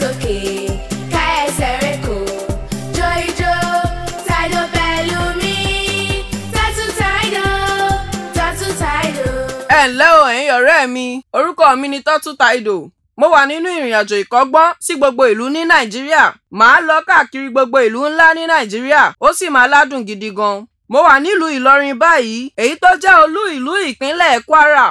sókè ká ẹsẹ̀ rẹ̀ kò jó ijó tàìdó pẹ̀lú mi tàtú tàìdó o ẹ̀yin ọ̀rẹ́ mi orúkọ mi ni tọ́tù tàìdó mo wà nínú ìrìn àjò ìkọ́gbọ́n sí gbogbo ìlú ní nàìjíríà màá lọ káàkiri gbogbo ìlú ńlá ní nàìjíríà ó sì máa ládùn gidi gan mo wà nílùú ìlọrin báyìí èyí tó jẹ́ olú ìlú ìpínlẹ̀ kwara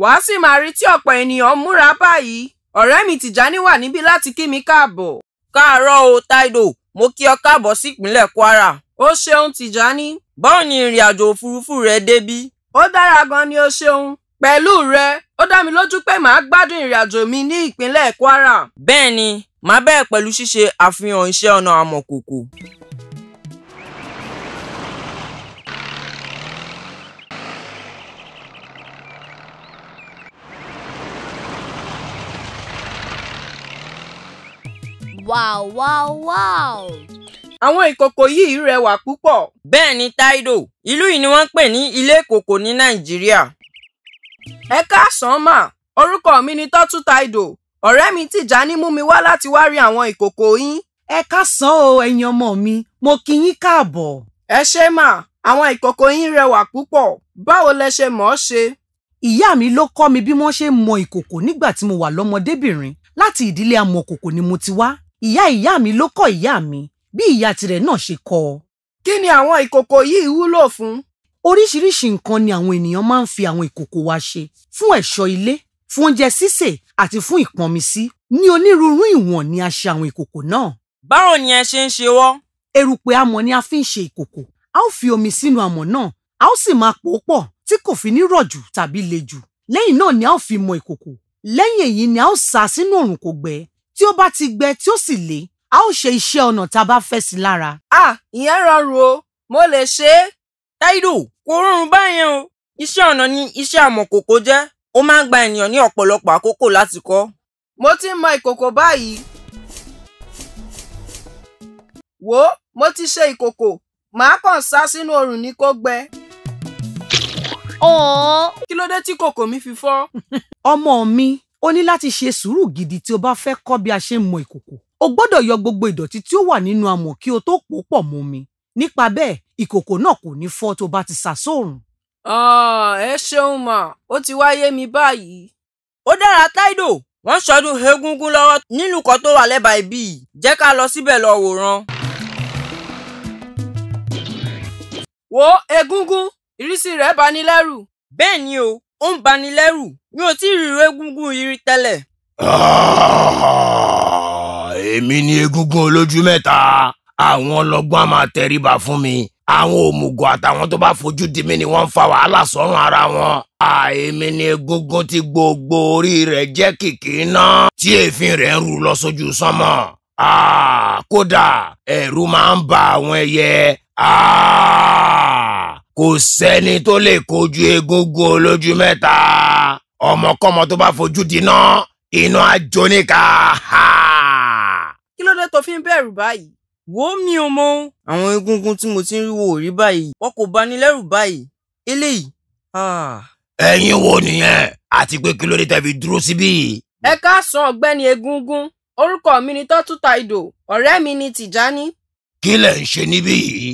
wàá sì máa rí tí ọ̀pọ̀ ènìyàn múra báyìí ọ̀rẹ́ mi Tìjání wà níbí láti kí mi káàbọ̀. káàárọ̀ o Táídò mo kí ọ káàbọ̀ sí ìpínlẹ̀ Kwara. ó ṣeun Tìjání báwo ni ìrìn àjò òfurufú rẹ débí. ó dára gan ni ó ṣeun pẹ̀lú rẹ ó dá mi lójú pé màá gbádùn ìrìn àjò mi ní ìpínlẹ̀ Kwara. bẹ́ẹ̀ ni màá bẹ̀rẹ̀ pẹ̀lú ṣíṣe àfihàn iṣẹ́ ọnà àmọ̀kòkò. Wow wow wow. Àwọn ìkòkò yìí rẹwà púpọ̀. Bẹ́ẹ̀ ni Taido, ìlú yìí ni wọ́n ń pè ní ilé ìkòkò ní Nàìjíríà. Ẹ káàsán mà, orúkọ mi ni Tọ́tù Taido. Ọ̀rẹ́ mi Tìjání mú mi wá láti wá rí àwọn ìkòkò yín. Ẹ káàsán o ẹ̀yin ọmọ mi, mo kí yín káàbọ̀. Ẹ ṣé mà, àwọn ìkòkò yín rẹwà púpọ̀. Báwo lẹ ṣe mọ̀ ọ́ ṣe? Ìyá mi ló kọ́ mi bí wọ́n ṣe mọ ìkòkò nígbà tí mo wà lọ́mọdébìnrin. Láti ìdílé amọ̀kòkò ni mo ti wá ìyá ìyá mi ló kọ́ ìyá mi bí ìyá tirẹ̀ náà ṣe kọ́ ọ. kí ni àwọn ìkòkò yìí wúlò fún? oríṣiríṣi nǹkan ni àwọn ènìyàn máa ń fi àwọn ìkòkò wa ṣe fún ẹ̀ṣọ́ ilé fún oúnjẹ sísè àti fún ìpọnmisí ní onírúurú ìwọ̀n ni a ṣe àwọn ìkòkò náà. báwo ni ẹ ṣe ń ṣe wọ́n? erùpẹ̀ amọ̀ ni a fi ń ṣe ìkòkò a ó fi omi sínú amọ̀ náà a ó sì máa pò ó pọ̀ tí kò fi ní rọ̀jù tàbí le jù lẹ́yìn náà ni a ó fi mọ ìkòkò lẹ́yìn èyí ni a ó sá sínú òrùn kò tí ó bá ti gbẹ tí ó sì le a ó ṣe iṣẹ́ ọnà tá a bá fẹ́ sí lára. a ìyẹn rọrùn o mo lè ṣe é Táídò kò rọrùn báyẹn o iṣẹ́ ọnà ni iṣẹ́ amọ̀kòkò jẹ́ ó máa ń gba ènìyàn ní ọ̀pọ̀lọpọ̀ àkókò láti kọ́. mo ti mọ ìkòkò báyìí wò ó mo ti ṣe ìkòkò màá kàn sá sínú oòrùn ní kó gbẹ. ọ̀ọ́ kí ló dé tí kòkò mi fi fọ́. ọmọ mi o ní láti ṣe sùúrù gidi tí o bá fẹ́ kọ́ bí a ṣe ń mọ ìkòkò o gbọ́dọ̀ yọ gbogbo ìdọ̀tí tí ó wà nínú amọ̀ kí o tó pò pọ̀ mọ́ mi nípa bẹ́ẹ̀ ìkòkò náà kò ní fọ́ tó bá ti sà sóòrùn. ẹ ṣeun mà ó ti wá mi báyìí. ó dára táìdò wọ́n ṣọdún egúngún lọ́wọ́ nínú kan tó wà lẹ́bàá ibí yìí jẹ́ ká lọ síbẹ̀ lọ wòran. wo egúngún ìrísí rẹ̀ bani lẹ́rù bẹ́ẹ̀ ni o ó ń bani lẹ́rù mi ò tí ì rí egúngún yìí rí tẹ́lẹ̀. Ah, èmi ni egúngún olójú mẹ́ta àwọn ọlọ́gbọ́n á máa tẹríba fún mi àwọn òmùgọ̀ àtàwọn tó bá fojú di mí ni wọ́n ń fa wàhálà sọ́run ara wọn. Ah, èmi ni egúngún tí gbogbo orí rẹ̀ jẹ́ kìkì iná tí èéfín rẹ̀ ń rú lọ sójú sánmọ̀. Ah, kódà ẹ̀rù máa ń ba àwọn ẹyẹ kò sẹ́ni tó lè kojú egungun olójú mẹ́ta ọmọkọ́mọ tó bá fojú dínà iná ajo níka. kí ló dé tó fi ń bẹ̀rù báyìí wo mi ò mọ. àwọn egungun tí mo ti ń wo rí báyìí wọn kò bani lẹ́rù báyìí eléyìí. ẹ̀yin wo nìyẹn àti pé kí ló dé tẹ̀fi dúró síbí. ẹ káàsán ọ̀gbẹ́ni egungun orúkọ mi ni tọ́tù taido ọ̀rẹ́ mi ni tìjání. kí lẹ̀ ń ṣe níbí yìí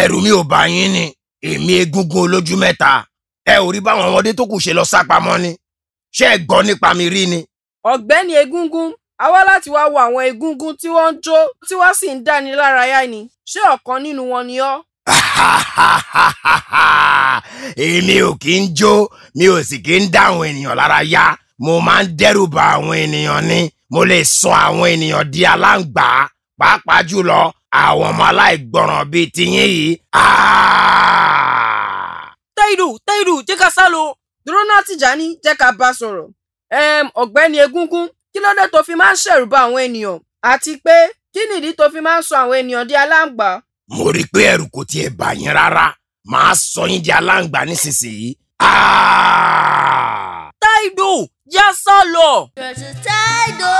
ẹ̀rù mi ò bá yín ni èmi egungun olójú mẹ́ta ẹ ò rí báwọn ọmọdé tó kù ṣe lọ sá pamọ́ ni ṣé ẹ gbọ́ nípa mi rí ni. ọ̀gbẹ́ni egungun a wá láti wá wo àwọn egungun tí wọ́n ń jó tí wọ́n sì ń dáni lárayá ni ṣé ọ̀kan nínú wọn ni ọ́. èmi ò kí ń jó mi ò sì kí ń dá àwọn ènìyàn lárayá mo máa ń dẹ́rù ba àwọn ènìyàn ni mo lè sọ àwọn ènìyàn di aláǹgbá pàápàá jùlọ àwọn ọmọ aláìgbọràn bíi tiyín yìí. Ah! tairu tairu jẹ́ ká sá lọ Dúrónà Tìjàní jẹ́ ká bá sọ̀rọ̀ um, ọ̀gbẹ́ni Egúngún kí ló dé tó fi máa ń ṣẹ̀rù bà àwọn ènìyàn àti pé kí nìdí tó fi máa ń sọ àwọn ènìyàn di aláǹgbá. mo rí i pé ẹ̀rù kò tiẹ̀ bà yín rárá màá sọ yín di aláǹgbá nísinsìnyí. Táídò yá sá lọ. Táídò.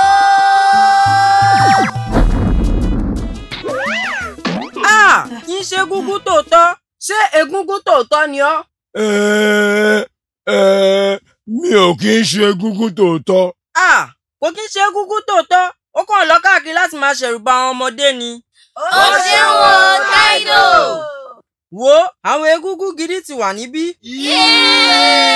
Ah! kì í ṣe egúngún tòótọ́ ṣé egúngún tòótọ́ ni ọ́ mi ò kí ń ṣe egúngún tòótọ́. a kò kí ń ṣe egúngún tòótọ́ ó kàn lọ káàkiri láti máa ṣẹ̀rù bà àwọn ọmọdé ni. ó ṣe ń wo Táídò. wo àwọn egúngún gidi ti wà níbí. yéé.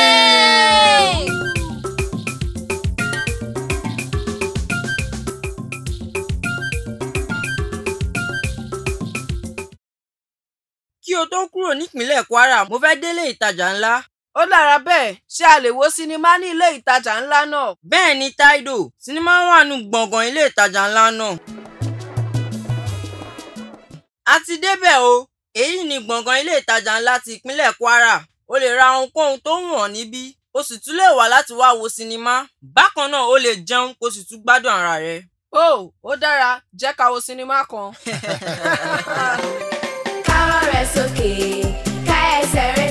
nípínlẹ̀ Kwara mo fẹ́ délé ìtajà ńlá. ó dára bẹ́ẹ̀ ṣé a lè wo sinimá ní ilé ìtajà ńlá náà. bẹ́ẹ̀ ni Taido sinimá wà nù gbọ̀ngàn ilé ìtajà ńlá náà. a ti débẹ̀ o èyí ni gbọ̀ngàn ilé ìtajà ńlá ti ìpínlẹ̀ Kwara o lè ra ohunkóhun tó wù ọ́ níbí o sì tún lè wá láti wá wo sinimá bákan náà o lè jẹun kó sì tún gbádùn ara rẹ. oh ó dára jẹ́ ká wo sinimá kan. KSOK, KSRA.